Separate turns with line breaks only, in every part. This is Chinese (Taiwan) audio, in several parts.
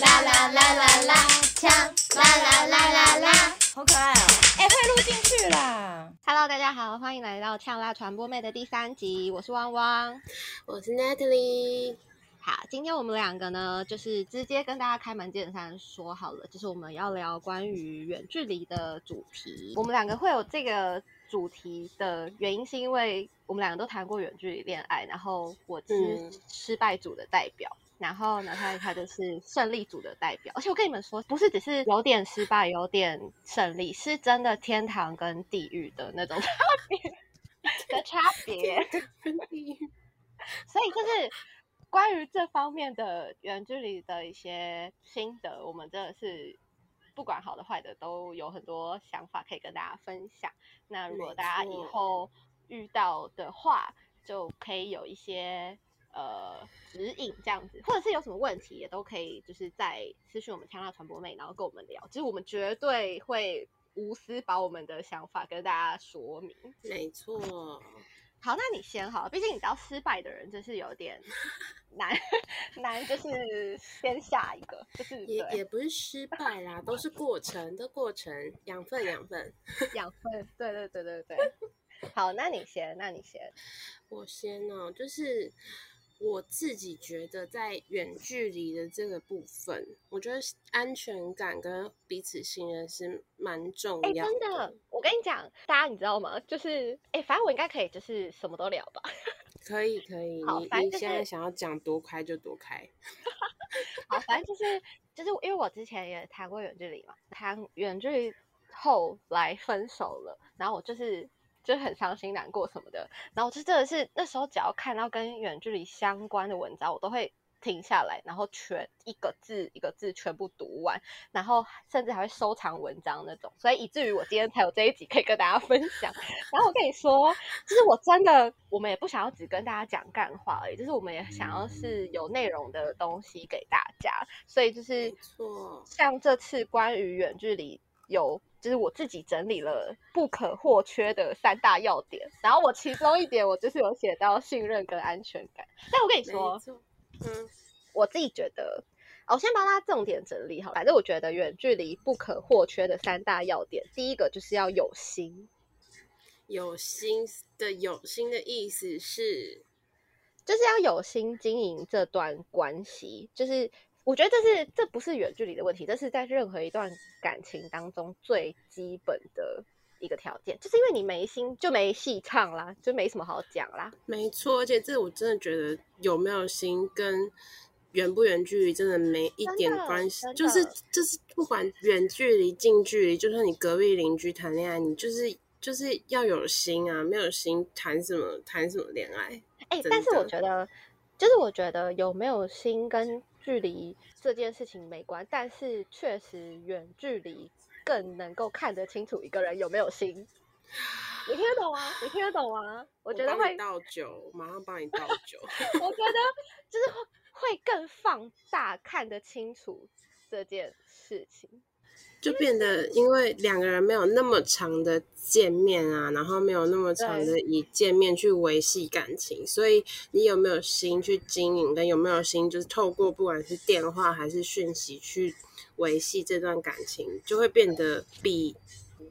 啦啦啦啦啦，嗆啦啦啦啦啦，好可愛哦！哎、欸，快錄進去啦。Hello，大家好，歡迎來到嗆辣傳播妹的第三集。我是汪汪，我是 Natalie。好，今天我們兩個呢，就是直接跟大家開門見山說好了，就是我們要聊關於遠距離的主題。 我們兩個會有這個主題的原因，是因為我們兩個都談過遠距離戀愛，然後我是失敗組的代表。嗯然後，呢，他他就是勝利組的代表。而且我跟你們說，不是只是有點失敗，有點勝利，是真的天堂跟地獄的那種差別。的差別。所以，就是關於這方面的遠距離的一些心得，我們真的是不管好的壞的，都有很多想法可以跟大家分享。那如果大家以後遇到的話，嗯、就可以有一些。呃，指引這樣子，或者是有什麼問題也都可以，就是在私信我們嗆辣傳播妹，然後跟我們聊，其實我們絕對會無私把我們的想法跟大家說明。沒
錯。
好，那你先哈，畢竟你知道失敗的人真是有點難 難，就是先下一個就是也也
不是失敗啦，都是過程， 都過程養分養分
養分，對對對對對對， 好，那你先，那你先，
我先哦，就是。我自己覺得，在遠距離的這個部分，我覺得安全感跟彼此信任是蠻重要的。真的，
我跟你講，大家你知道嗎？就是，哎，反正我應該可以，就是什麼都聊吧。
可以可以，就是，你現在想要講多開就多開。
好，反正就是就是，因為我之前也談過遠距離嘛，談遠距離後來分手了，然後我就是。就很傷心難過什麼的，然後就真的是那時候，只要看到跟遠距離相關的文章，我都會停下來，然後全一個字一個字全部讀完，然後甚至還會收藏文章那種。所以以至於我今天才有這一集可以跟大家分享。然後我跟你說，就是我真的，我們也不想要只跟大家講幹話而已，就是我們也想要是有內容的東西給大家。所以就是說，像這次關於遠距離有。就是我自己整理了不可或缺的三大要點，然後我其中一點我就是有寫到信任跟安全感，但我跟你說，嗯，我自己覺得，我先幫大家重點整理好了，反正我覺得遠距離不可或缺的三大要點，第一個就是要有心，
有心的有心的意思是，
就是要有心經營這段關係，就是。我覺得這是這不是遠距離的問題，這是在任何一段感情當中最基本的一個條件，就是因為你沒心就沒戲唱啦，就沒什麼好講啦。
沒錯，而且這我真的覺得有沒有心跟遠不遠距離真的沒一點關係，就是就是不管遠距離近距離，就算你隔壁鄰居談戀愛，你就是就是要有心啊，沒有
心談什麼談什麼戀愛？
哎，但是我覺得
就是我覺得有沒有心跟距離這件事情沒關，但是確實遠距離更能夠看得清楚一個人有沒有心。你聽得懂嗎、啊？你聽得懂嗎、啊？我覺得會倒
酒，馬上幫你倒酒。我，倒酒 我覺得就
是會更放大看得清楚這件事情。
就變得，因為兩個人沒有那麼長的見面啊，然後沒有那麼長的以見面去維繫感情，所以你有沒有心去經營，的有沒有心就是透過不管是電話還是訊息去維繫這段感情，就會變得比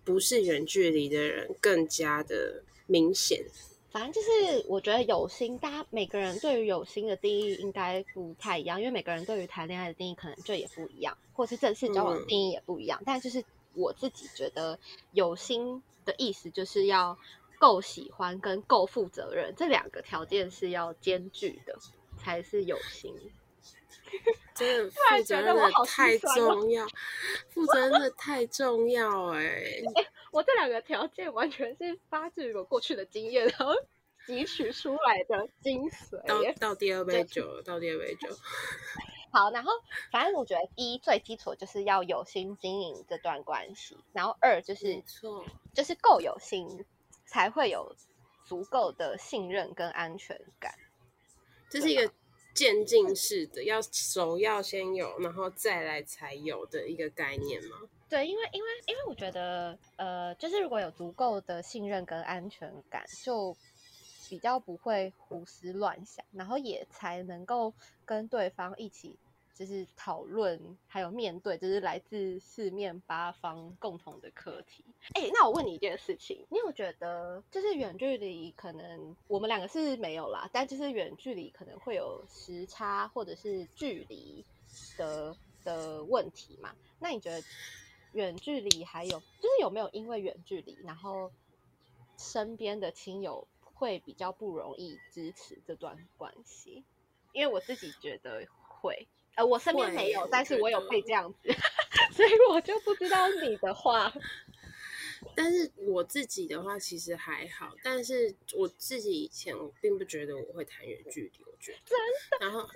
不是遠距離的人更加的明顯。
反正就是，我覺得有心，大家每個人對於有心的定義應該不太一樣，因為每個人對於談戀愛的定義可能就也不一樣，或是正式交往的定義也不一樣，嗯。但就是我自己覺得，有心的意思就是要夠喜歡跟夠負責任，這兩個條件是要兼具的，才是有心。真的負責任太重要，
我哦、 負責任太重要哎、欸欸！
我這兩個條件完全是發自於我過去的經驗，然後汲取出來的精髓。到
第二杯酒，到第二杯
酒。就是、 好，然後反正我覺得一，一最基礎就是要有心經營這段關係，然後二就是就是夠有心，才會有足夠的信任跟安全感。這、就
是一個。漸進式的，要首要先有，然後再來才有的一個概念嗎？
對，因為因為因為我覺得，呃，就是如果有足夠的信任跟安全感，就比較不會胡思亂想，然後也才能夠跟對方一起，就是討論，還有面對，就是來自四面八方共同的課題。誒、欸，那我問你一件事情，你有覺得就是遠距離可能我們兩個是沒有啦，但就是遠距離可能會有時差或者是距離的的問題嘛？那你覺得遠距離還有就是有沒有因為遠距離，然後身邊的親友會比較不容易支持這段關係？因為我自己覺得會。呃，我身邊沒有，但是我有配，這樣子， 所以我就不知
道你的話。 但是我自己的話其實還好，但是我自己以前我並不覺得我會談遠距離，我覺得，然後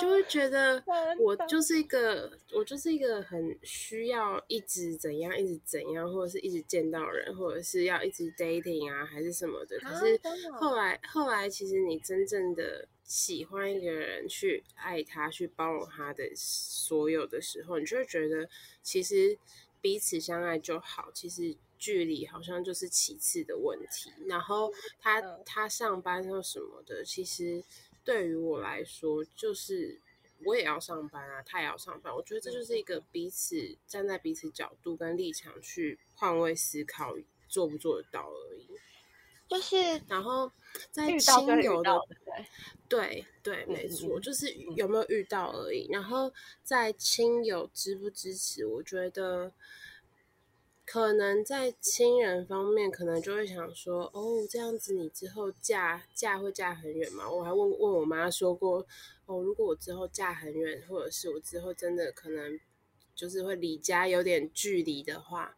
就會覺得我就是一個我就是一個很需要一直怎樣一直怎樣，或者是一直見到人，或者是要一直 dating 啊還是什麼的。啊、可是後來後來，其實你真正的喜歡一個人，去愛他，去包容他的所有的時候，你就會覺得其實彼此相愛就好，其實。距離好像就是其次的問題，然後他他上班又什麼的，其實對於我來說，就是我也要上班啊，他也要上班，我覺得這就是一個彼此站在彼此角度跟立場去換位思考，做不做得到而已。就是，然後在親友的，的對對對，沒錯，嗯，就是有沒有遇到而已，嗯、然後在親友支不支持，我覺得。可能在親人方面，可能就會想說，哦，這樣子你之後嫁嫁會嫁很遠嗎？我還問問我媽說過，哦，如果我之後嫁很遠，或者是我之後真的可能就是會離家有點距離的話，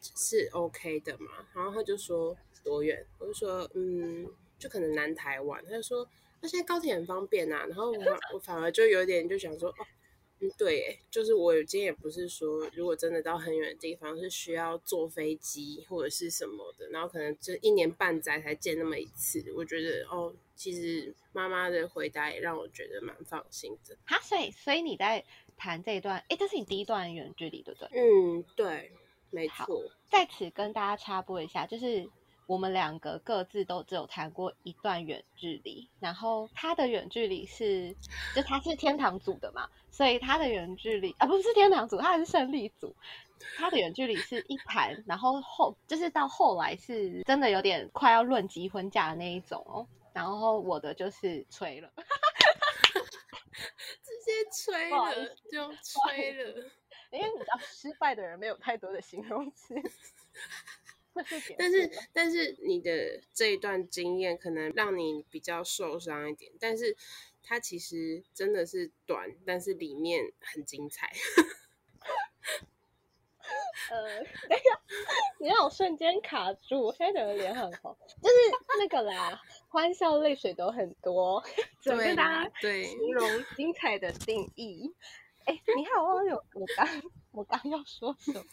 是 OK 的嘛？然後他就說多遠？我就說嗯，就可能南台灣。他就說那，啊，現在高鐵很方便啊。然後我我反而就有點就想說哦。對，就是我今天也不是說，如果真的到很遠的地方是需要坐飛機或者是什麼的，然後可能就一年半載才見那麼一次，我覺得哦，其實媽媽的回答也讓我覺得蠻放
心的。哈，所以所以你在談這一段，哎，這是你第一段遠距離，對不對？嗯，對，沒錯。在此跟大家插播一下，就是。我們兩個各自都只有談過一段遠距離，然後他的遠距離是，就他是天堂組的嘛，所以他的遠距離啊不是天堂組，他還是勝利組，他的遠距離是一盤，然後後就是到後來是真的有點快要論及婚嫁的那一種哦，然後我的就是吹了，
直接吹了就吹了，因為你知道失敗的人沒
有太多的形容詞。但是，
但是你的這一段經驗可能讓你比較受傷一點，但是它其實真的是短，但是裡面很精彩。
呃，等一下你讓我瞬間卡住，我現在整個臉很紅。就是那個啦，歡笑淚水都很多，怎麼跟大家對形容精彩的定義？哎、啊，你看我有，我剛我剛要說什麼？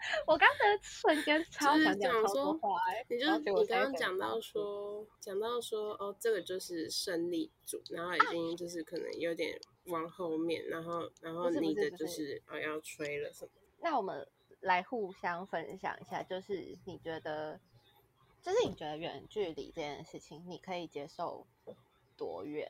我剛才瞬間超想、就是、講說，你就我你，你剛剛講到
說，講到說哦，這個就是勝利組，然後已經就是可能有點往後面，啊、然後然後你的就是，不是，不是，不是，哦，要吹了什
麼？那我們來互相分享一下，就是你覺得，就是你覺得遠距離這件事情，你可以接受多遠？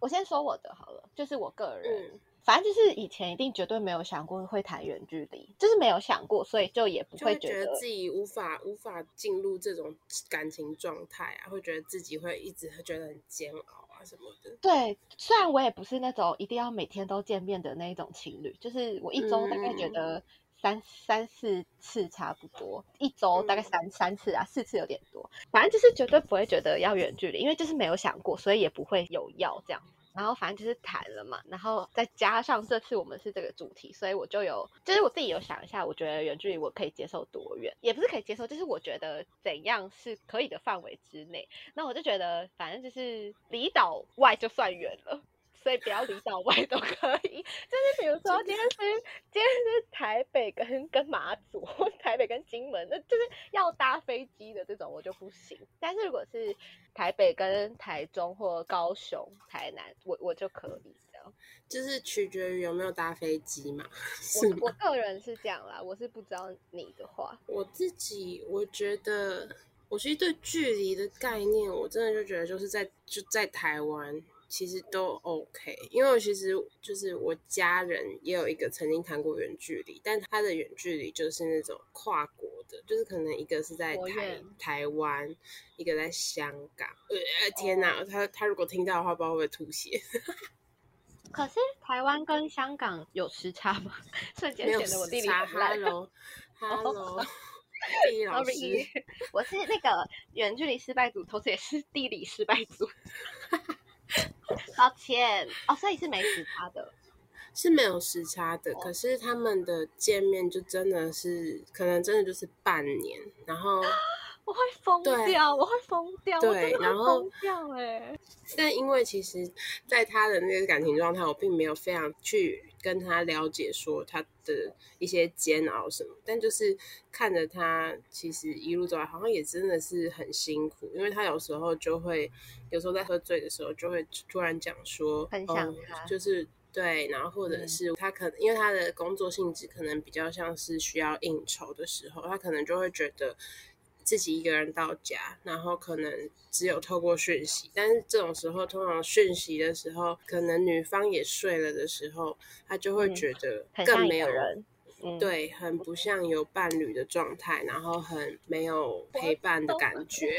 我先說我的好了，就是我個人。嗯反正就是以前一定絕對沒有想過會談遠距離，就是沒有想過，所以就也不會覺得，會覺得自
己無法無法進入這種感情狀態啊，會覺得自己會一直會覺得很煎熬啊什麼的。對，
雖然我也不是那種一定要每天都見面的那一種情侶，就是我一周大概覺得三、嗯、三四次差不多，一周大概三、嗯、三次啊，四次有點多。反正就是絕對不會覺得要遠距離，因為就是沒有想過，所以也不會有要這樣。然後反正就是談了嘛，然後再加上這次我們是這個主題，所以我就有，就是我自己有想一下，我覺得遠距離我可以接受多遠，也不是可以接受，就是我覺得怎樣是可以的範圍之內。那我就覺得，反正就是離島外就算遠了。所以，不要離島外都可以，就是比如說今天是今天是台北跟跟馬祖，台北跟金門，那就是要搭飛機的這種我就不行。但是如果是台北跟台中或高雄、台南，我我就可以這樣。
就是取決於有沒有搭飛機嘛。
我我個人是這樣啦。我是不知道你的話，
我自己我覺得，我其實對距離的概念，我真的就覺得就是在就在台灣。其實都 OK，因為其實就是我家人也有一個曾經談過遠距離，但他的遠距離就是那種跨國的，就是可能一個是在台台灣，一個在香港。呃，天哪，oh. 他他如果聽到的話，不知道會不會吐血。
可是台灣跟香港有時差嗎？瞬間 顯得我地理不賴哈嘍。Hello，oh. oh. 老師，oh, 我是那個遠距離失敗組，同時也是地理失敗組。 抱歉，哦、oh，所以是沒時差的，
是沒有時差的，哦。可是他們的見面就真的是，可能真的就是半年，然後。
我會瘋掉，我會瘋掉，對，我真的瘋
掉哎、欸！但因為其實，在他的那個感情狀態，我並沒有非常去跟他了解說他的一些煎熬什麼，但就是看着他，其實一路走來好像也真的是很辛苦，因為他有時候就會有時候在喝醉的時候就會突然講說，很想他，就是對，然後或者是他可能，嗯、因為他的工作性質可能比較像是需要應酬的時候，他可能就會覺得。自己一個人到家，然後可能只有透過訊息，但是這種時候通常訊息的時候，可能女方也睡了的時候，他就會覺得更沒有、嗯、人、嗯，對，很不像有伴侶的狀態，嗯、然後很沒有陪伴的感覺。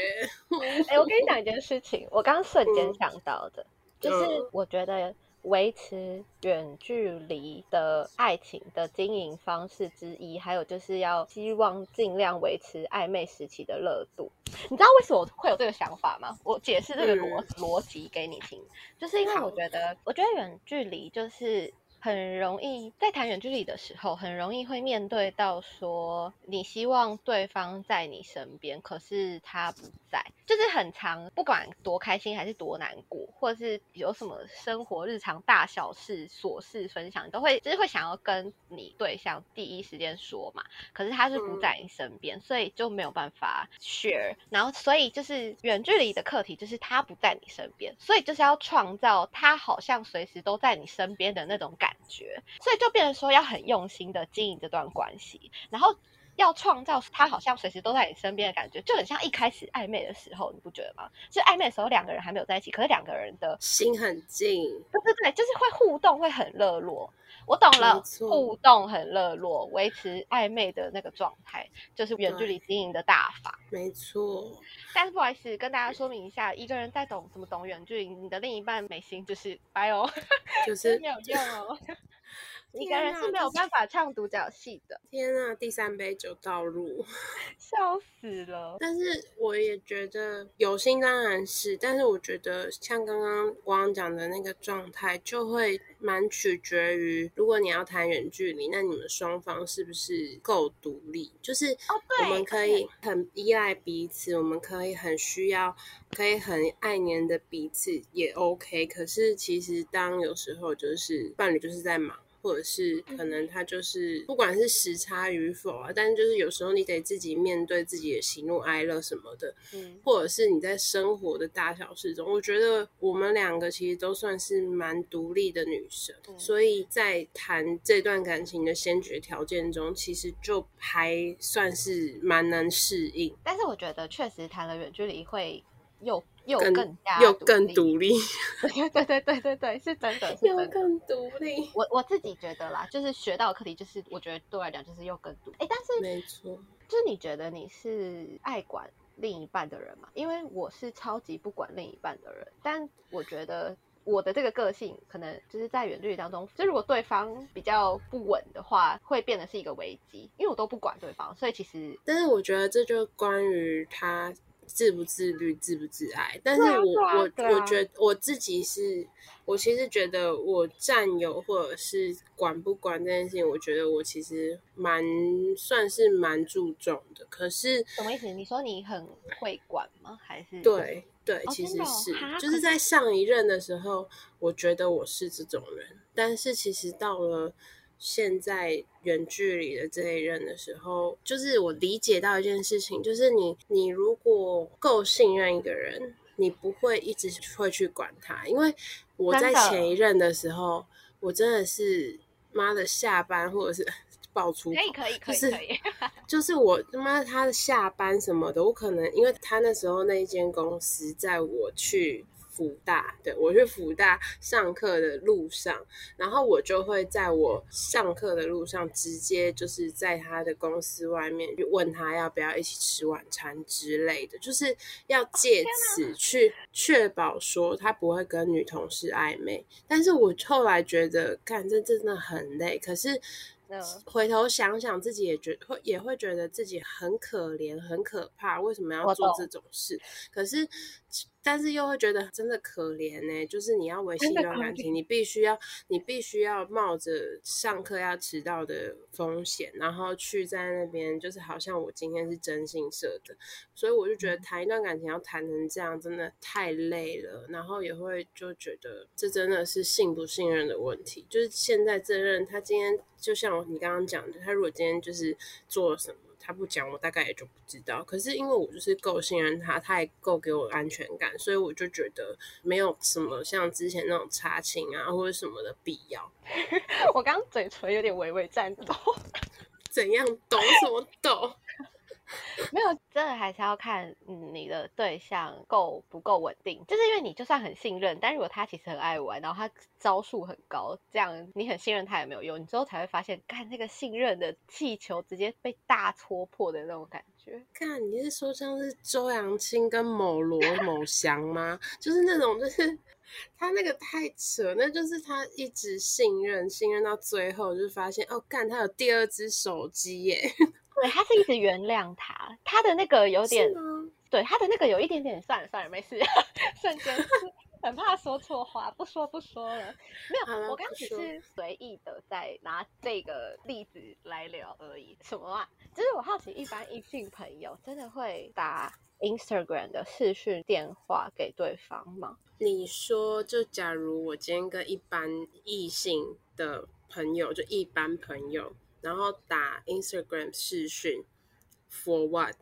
哎
欸，我跟你講一件事情，我剛剛瞬間想到的，嗯、就是我覺得。維持遠距離的愛情的經營方式之一，還有就是要希望盡量維持曖昧時期的熱度。你知道為什麼我會有這個想法嗎？我解釋這個邏邏輯給你聽，就是因為我覺得，我覺得遠距離就是。很容易在談遠距離的時候，很容易會面對到說，你希望對方在你身邊，可是他不在，就是很常，不管多開心還是多難過，或者是有什麼生活日常大小事瑣事分享，都會就是會想要跟你對象第一時間說嘛。可是他是不在你身邊，所以就沒有辦法 share。然後所以就是遠距離的課題，就是他不在你身邊，所以就是要創造他好像隨時都在你身邊的那種感覺，所以就變成說，要很用心的經營這段關係，然後，要創造他好像隨時都在你身邊的感覺，就很像一開始曖昧的時候，你不覺得嗎？就曖昧的時候，兩個人還沒有在一起，可是兩個人的心很近，對對對，就是會互動，會很熱絡。我懂了，互動很熱絡，維持曖昧的那個狀態，就是遠距離經營的大法。沒錯、嗯，但是不好意思，跟大家說明一下，一個人在懂怎麼懂遠距離，你的另一半沒心就是掰喲、哦、 就是， 就是沒有用哦。就是
一個人是沒有辦
法唱獨角戲的。天吶、啊就是啊，第三
杯酒倒入，， 笑死了。但是我也覺得有心當然是，但是我覺得像剛剛汪汪講的那個狀態，就會蠻取決於，如果你要談遠距離，那你們雙方是不是夠獨立？就是我們可以很依賴彼此，哦、對，我，們彼此我們可以很需要，可以很愛黏著彼此也 OK。可是其實當有時候就是伴侶就是在忙。或者是可能他就是，不管是時差與否啊，但是就是有時候你得自己面對自己的喜怒哀樂什麼的，嗯，或者是你在生活的大小事中，我覺得我們兩個其實都算是蠻獨立的女生，嗯，所以在談這段感情的先決條件中，其實就還算是蠻能適應。
但是我覺得確實談了遠距離會又。又更加又更獨立，對 獨 對對對對，是真的。是真的又更獨立，我我自己覺得啦，就是學到的課題，就是我覺得對來講就是又更獨立，欸。但是沒錯，就是你覺得你是愛管另一半的人嗎？因為我是超級不管另一半的人，但我覺得我的這個個性可能就是在遠距離當中，就如果對方比較不穩的話，會變得是一個危機，因為我都不管對方，所以其實。
但是我覺得這就關於他。自不自律，自不自愛，但是我、啊、我我覺得我自己是，我其實覺得我占有或者是管不管這件事情，我覺得我其實蠻算是蠻注重的。
可是，什麼意思？你說你很會管嗎？還是？對對，對 oh, 其實是就是在
上一任的時候，我覺得我是這種人，但是其實到了。現在遠距離的這一任的時候，就是我理解到一件事情，就是你你如果夠信任一個人，你不會一直會去管他。因為我在前一任的時候，真我真的是媽的下班或者是爆出，可以可以可以，就是就是我他媽他下班什麼的，我可能因為他那時候那一間公司在我去，輔大對我去輔大上課的路上，然後我就會在我上課的路上，直接就是在他的公司外面就問他要不要一起吃晚餐之類的，就是要借此去確保說他不會跟女同事曖昧。但是我後來覺得，幹，這,這真的很累。可是回頭想想，自己也覺會也會覺得自己很可憐、很可怕。為什麼要做這種事？可是。但是又會覺得真的可憐呢、欸，就是你要維繫一段感情，你必須要，你必須要冒着上課要遲到的風險，然後去在那邊，就是好像我今天是真心色的，所以我就覺得談一段感情要談成這樣，真的太累了。然後也會就覺得這真的是信不信任的問題，就是現在這任他今天就像你剛剛講的，他如果今天就是做了什麼。他不講，我大概也就不知道。可是因為我就是夠信任他，他也夠給我安全感，所以我就覺得沒有什麼像之前那種查勤啊或者什麼的必
要。 我剛嘴唇有點微微顫抖，
怎樣抖？什麼
抖？ 沒有，真的還是要看你的對象夠不夠穩定。就是因為你就算很信任，但如果他其實很愛玩，然後他招數很高，這樣你很信任他也沒有用。你之後才會發現，看那個信任的氣球直接被大戳破的那種感覺。
看你是說像是周揚青跟某羅某祥嗎？ 就是那種就是。他那個太扯，那就是他一直信任，信任到最後就發現，哦，幹，他有第二只手機耶。
對、欸，他是一直原諒他，他的那個有點，對，他的那個有一點點，算了算了，沒事。瞬間很怕說錯話， 不說不說了。沒有，我剛剛只是隨意的在拿這個例子來聊而已。什麼啊？就是我好奇，一般異性朋友真的會打？Instagram 的視訊電話給對方嗎？
你說，就假如我今天跟一般異性的朋友，就一般朋友，然後打 Instagram 視訊，For what？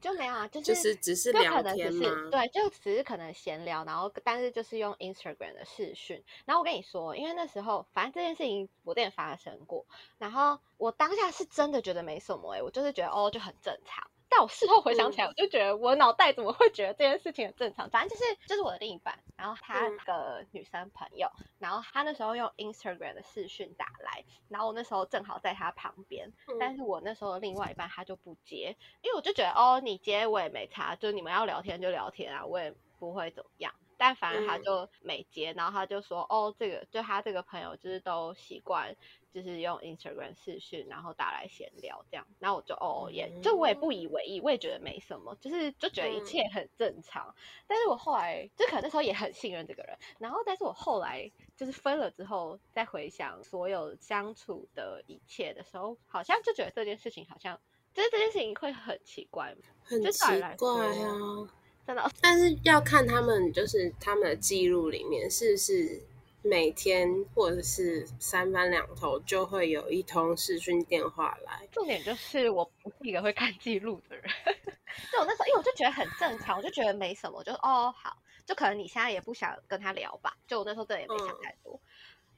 就沒有啊，就是、就是、只是聊天就天嘛，對，就只是可能閒聊，然後但是就是用 Instagram 的視訊。然後我跟你說，因為那時候反正這件事情我也發生過，然後我當下是真的覺得沒什麼誒、欸，我就是覺得哦就很正常。但我事後回想起來，我就覺得我腦袋怎麼會覺得這件事情很正常？嗯，反正就是，就是我的另一半，然後他的女生朋友，嗯，然後他那時候用 Instagram 的視訊打來，然後我那時候正好在他旁邊，嗯，但是我那時候的另外一半他就不接，因為我就覺得哦，你接我也沒差，就你們要聊天就聊天啊，我也不會怎麼樣。但反正他就沒接、嗯，然後他就說：“哦，這個就他這個朋友就是都習慣，就是用 Instagram 視訊，然後打來閒聊這樣。”然後我就哦，也就我也不以為意、嗯，我也覺得沒什麼，就是就覺得一切很正常。嗯、但是我後來就可能那時候也很信任這個人，然後但是我後來就是分了之後，再回想所有相處的一切的時候，好像就覺得這件事情好像就是這件事情會很奇怪，很奇怪啊。
哦、但是要看他們，就是他們的記錄裡面是不是每天或者是三番兩頭就會有一通視訊電話來。重點
就是我不是一個會看記錄的人， 就我那時候，因為我就覺得很正常，我就覺得沒什麼，就哦好，就可能你現在也不想跟他聊吧。就我那時候真的也沒想太多。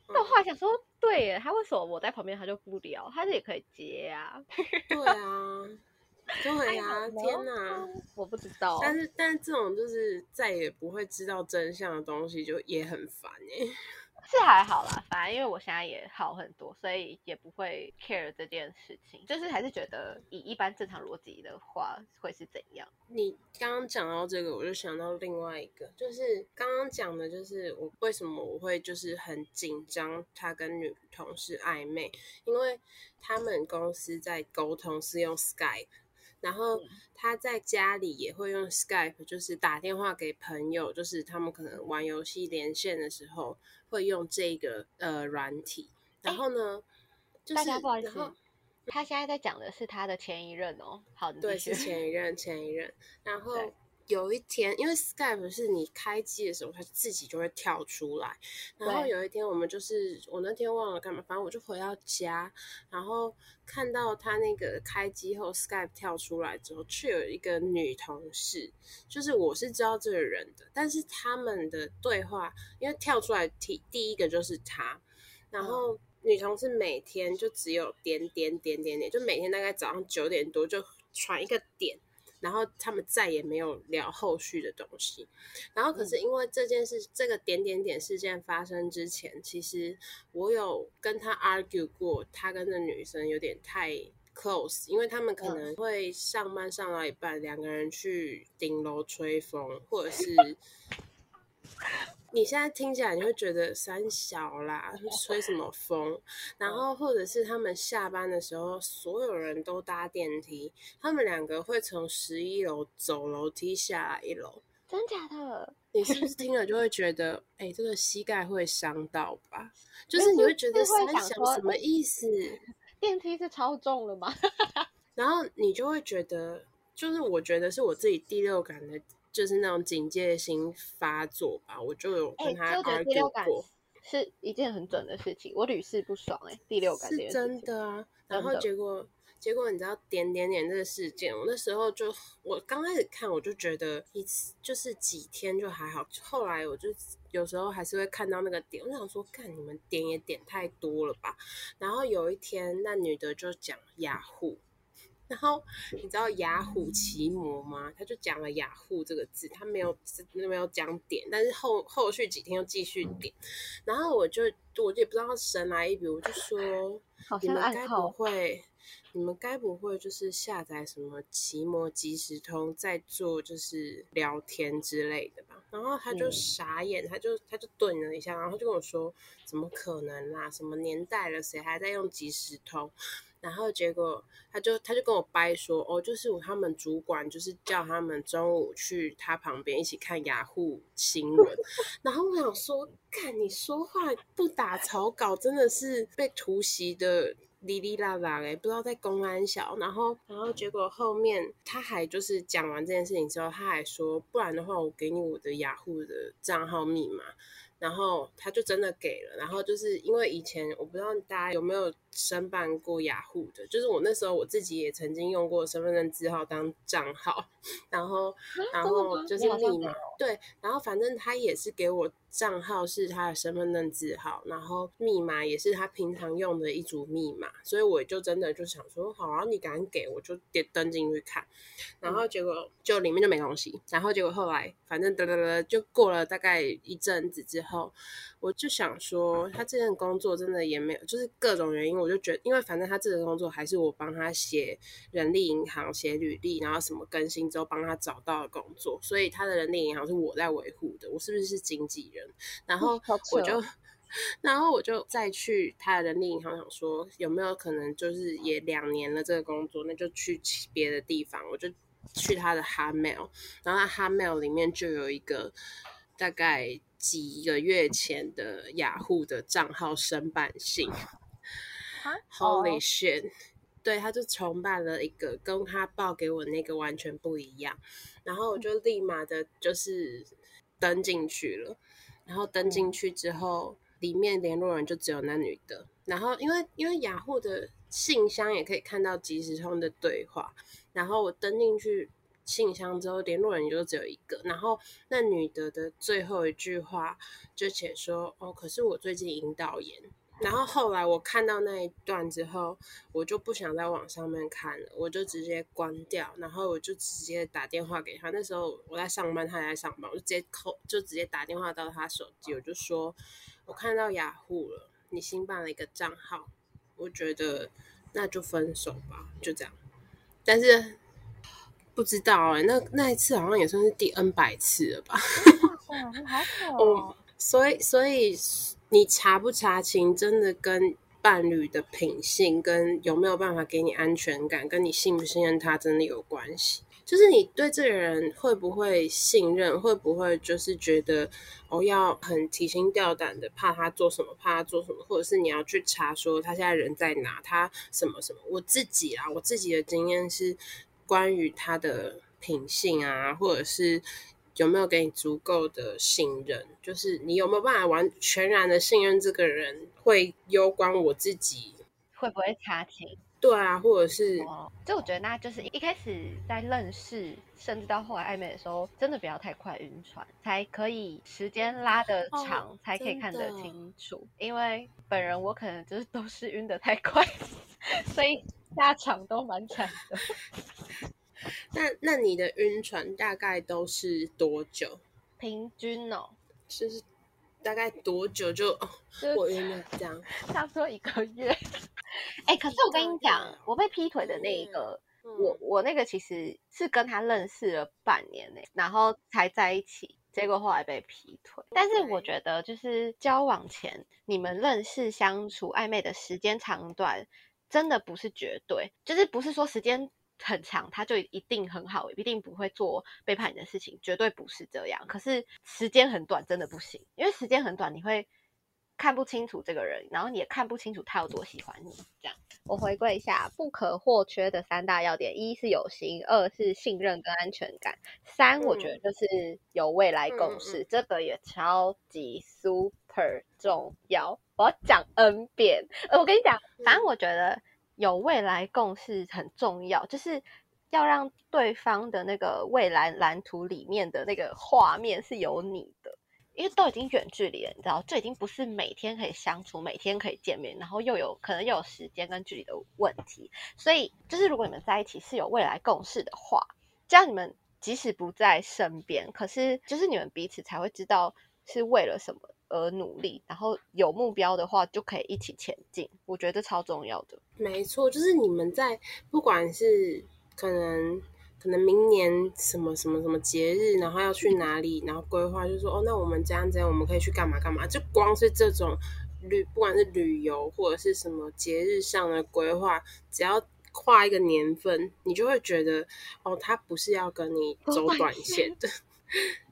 那、嗯、我後來想說，對耶，他為什麼我在旁邊他就不聊，他這也可以接啊？ 對啊。對呀、啊，天哪、嗯，我不知道。但是，
但是這種就是再也不會知道真相的東西，就也很煩誒、欸。
是還好啦，反正因為我現在也好很多，所以也不會 care 這件事情。就是還是覺得以一般正常邏輯的話，會是怎樣？
你剛剛
講到這個，我就想
到另外一個，就是剛剛講的，就是我為什麼我會就是很緊張他跟女同事曖昧，因為他們公司在溝通是用 Skype。然後他在家裡也會用 Skype，就是打電話給朋友，就是他們可能玩遊戲連線的時候會用這個呃軟體。然後呢，就是然後、欸，大家不好意
思，他現在在講的是他的前一任哦，
好，對，是前一任，前一任，
然後。有一
天，因為 Skype 是你開機的時候，它自己就會跳出來。然後有一天，我們就是我那天忘了幹嘛，反正我就回到家，然後看到他那個開機後 Skype 跳出來之後，卻有一個女同事，就是我是知道這個人的，但是他們的對話，因為跳出來第第一個就是他，然後女同事每天就只有點點點點點，就每天大概早上九點多就傳一個點。然後他們再也沒有聊後續的東西。然後可是因為這件事、嗯，這個點點點事件發生之前，其實我有跟他 argue 過，他跟那女生有點太 close，因為他們可能會上班上到一半，嗯、兩個人去頂樓吹風，或者是。 你現在聽起來你會覺得三小啦，吹 什麼風？然後或者是他們下班的時候， 所有人都搭電梯，他們兩個會從十一樓走樓梯下來一樓。
真假的？
你是不是聽了就會覺得，哎、 欸，這個膝蓋會傷到吧？就是你會覺得三小什麼意
思？ 電梯是超重了嗎？
然後你就會覺得，就是我覺得是我自己第六感的。就是那種警戒心發作吧，我就有跟他 argue、欸、過是，
是一件很準的事情，我屢試不爽哎、欸，第六感是真的啊。的然後結果結
果你知道點點點這個事件，我那時候就我剛開始看，我就覺得一次就是幾天就還好，後來我就有時候還是會看到那個點，我就想說，看你們點也點太多了吧。然後有一天那女的就講雅虎。然後你知道雅虎奇摩嗎？他就講了“雅虎”這個字，他沒有沒有講點，但是後後續幾天又繼續點。然後我就我也不知道神來一筆，我就說：你們該不會你們該不會就是下載什麼奇摩即時通在做就是聊天之類的吧？然後他就傻眼，嗯、他就他就頓了一下，然後就跟我說：怎麼可能啦、啊？什麼年代了，誰還在用即時通？然後結果，他就他就跟我掰說，哦，就是他們主管就是叫他們中午去他旁邊一起看雅虎新聞。 然後我想說，看你說話不打草稿，真的是被突襲的哩哩啦啦嘞，不知道在公安小。然後，然後結果後面他還就是講完這件事情之後，他還說，不然的話我給你我的雅虎的賬號密碼。然後他就真的給了。然後就是因為以前我不知道大家有沒有。申辦過雅虎的，就是我那時候我自己也曾經用過身份證字號當賬號，然後、啊、然後就是密碼對，然後反正他也是給我賬號是他的身份證字號，然後密碼也是他平常用的一組密碼，所以我就真的就想說好啊，你敢給我就登登進去看，然後結果、嗯、就裡面就沒東西，然後結果後來反正噠噠噠，噠就過了大概一陣子之後，我就想說他這份工作真的也沒有，就是各種原因。我就覺得，因為反正他這個工作還是我幫他寫人力銀行寫履歷，然後什麼更新之後幫他找到的工作，所以他的人力銀行是我在維護的。我是不是是經紀人？然後我就，然後我就再去他的人力銀行，想說有沒有可能就是也兩年了這個工作，那就去別的地方。我就去他的哈 mail，然後他哈 mail 裡面就有一個大概幾個月前的雅虎的賬號申辦信。Holy shit！、Oh. 對，他就重辦了一個，跟他報給我那個完全不一樣。然後我就立馬的，就是登進去了。然後登進去之後，裡面聯絡人就只有那女的。然後因為因為雅虎的信箱也可以看到即時通的對話。然後我登進去信箱之後，聯絡人就只有一個。然後那女的的最後一句話就寫說：“哦，可是我最近陰道炎。”然後後來我看到那一段之後，我就不想在網上面看了，我就直接關掉。然後我就直接打電話給他。那時候我在上班，他還在上班，我就直接扣，就直接打電話到他手機。我就說，我看到雅虎了，你新辦了一個賬號，我覺得那就分手吧，就這樣。但是不知道哎、欸，那那一次好像也算是第 N 百次了吧。還 好怕、哦， 我所以所以。所以你查不查勤，真的跟伴侶的品性跟有沒有辦法給你安全感，跟你信不信任他真的有關係。就是你對這個人會不會信任，會不會就是覺得我、哦、要很提心吊膽的怕他做什麼，怕他做什麼，或者是你要去查說他現在人在哪，他什麼什麼。我自己啊，我自己的經驗是關於他的品性啊，或者是。有沒有給你足夠的信任？就是你有沒有辦法完全然的信任這個人？會攸關我自己會不會查勤？
對啊，或者是、哦，就我覺得那就是一開始在認識，甚至到後來曖昧的時候，真的不要太快暈船，才可以時間拉得長、哦，才可以看得清楚。因為本人我可能就是都是暈得太快， 所以下場都蠻慘的。
那那你的暈船大概都是多久？平均哦，就是大概多久就、就是哦、我暈
了這樣，差不多一個月。哎、 欸，可是我跟你講，我被劈腿的那一個，嗯、我我那個其實是跟他認識了半年呢、欸，然後才在一起，結果後來被劈腿。但是我覺得，就是交往前你們認識、相處、曖昧的時間長短，真的不是絕對，就是不是說時間。很長，他就一定很好，一定不會做背叛你的事情，絕對不是這樣。可是時間很短，真的不行，因為時間很短，你會看不清楚這個人，然後你也看不清楚他有多喜歡你。這樣，我回顧一下不可或缺的三大要點：一是有心，二是信任跟安全感，三我覺得就是有未來共識，嗯、這個也超級 super 重要。我要講 N 遍，呃，我跟你講，反正我覺得。有未來共識很重要，就是要讓對方的那個未來藍圖裡面的那個畫面是有你的，因為都已經遠距離了，你知道，這已經不是每天可以相處，每天可以見面，然後又有可能又有時間跟距離的問題。所以，就是如果你們在一起是有未來共識的話，這樣你們即使不在身邊，可是就是你們彼此才會知道是為了什麼。而努力，然後有目標的話，就可以一起前進。我覺得超重要的。沒錯，就是你們在不
管是可能可能明年什麼什麼什麼節日，然後要去哪裡，然後規劃就是，就說哦，那我們這樣這樣，我們可以去幹嘛幹嘛。就光是這種旅，不管是旅遊或者是什麼節日上的規劃，只要跨一個年份，你就會覺得哦，他不是要跟你走短線的。Oh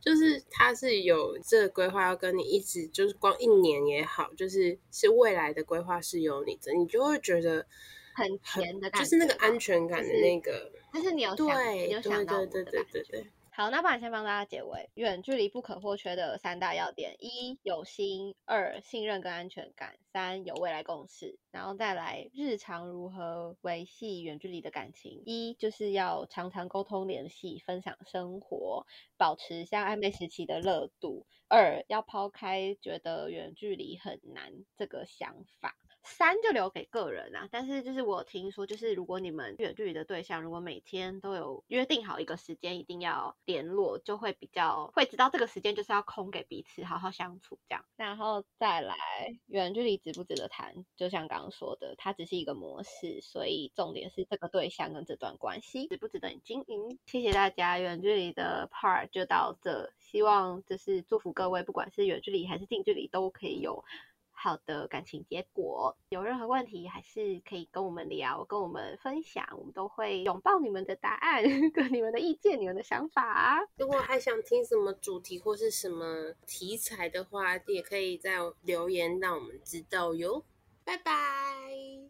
就是他是有這個規劃要跟你一直，就是光一年也好，就是是未來的規劃是有你的，你就會覺得很，很甜的感覺，就是那個安全感的那個，但
是，但是你有對你有想到，對對對對對，對。好，那不然先幫大家解圍，遠距離不可或缺的三大要點：一有心，二信任跟安全感，三有未來共識。然後再來日常如何維繫遠距離的感情：一就是要常常溝通聯繫，分享生活，保持像曖昧時期的熱度；二要拋開覺得遠距離很難這個想法。三就留給個人啦、啊，但是就是我聽說，就是如果你們遠距離的對象，如果每天都有約定好一個時間一定要聯絡，就會比較會知道這個時間就是要空給彼此好好相處這樣。然後再來遠距離值不值得談，就像剛剛說的，它只是一個模式，所以重點是這個對象跟這段關係值不值得你經營。謝謝大家，遠距離的 part 就到這，希望就是祝福各位，不管是遠距離還是近距離，都可以有。好的感情結果，有任何問題還是可以跟我們聊，跟我們分享，我們都會擁抱你們的答案，跟你們的意見、你們的想法。如果還想聽什
麼主題或是什麼題材的話，也可以在留言讓我們知道喲。拜拜。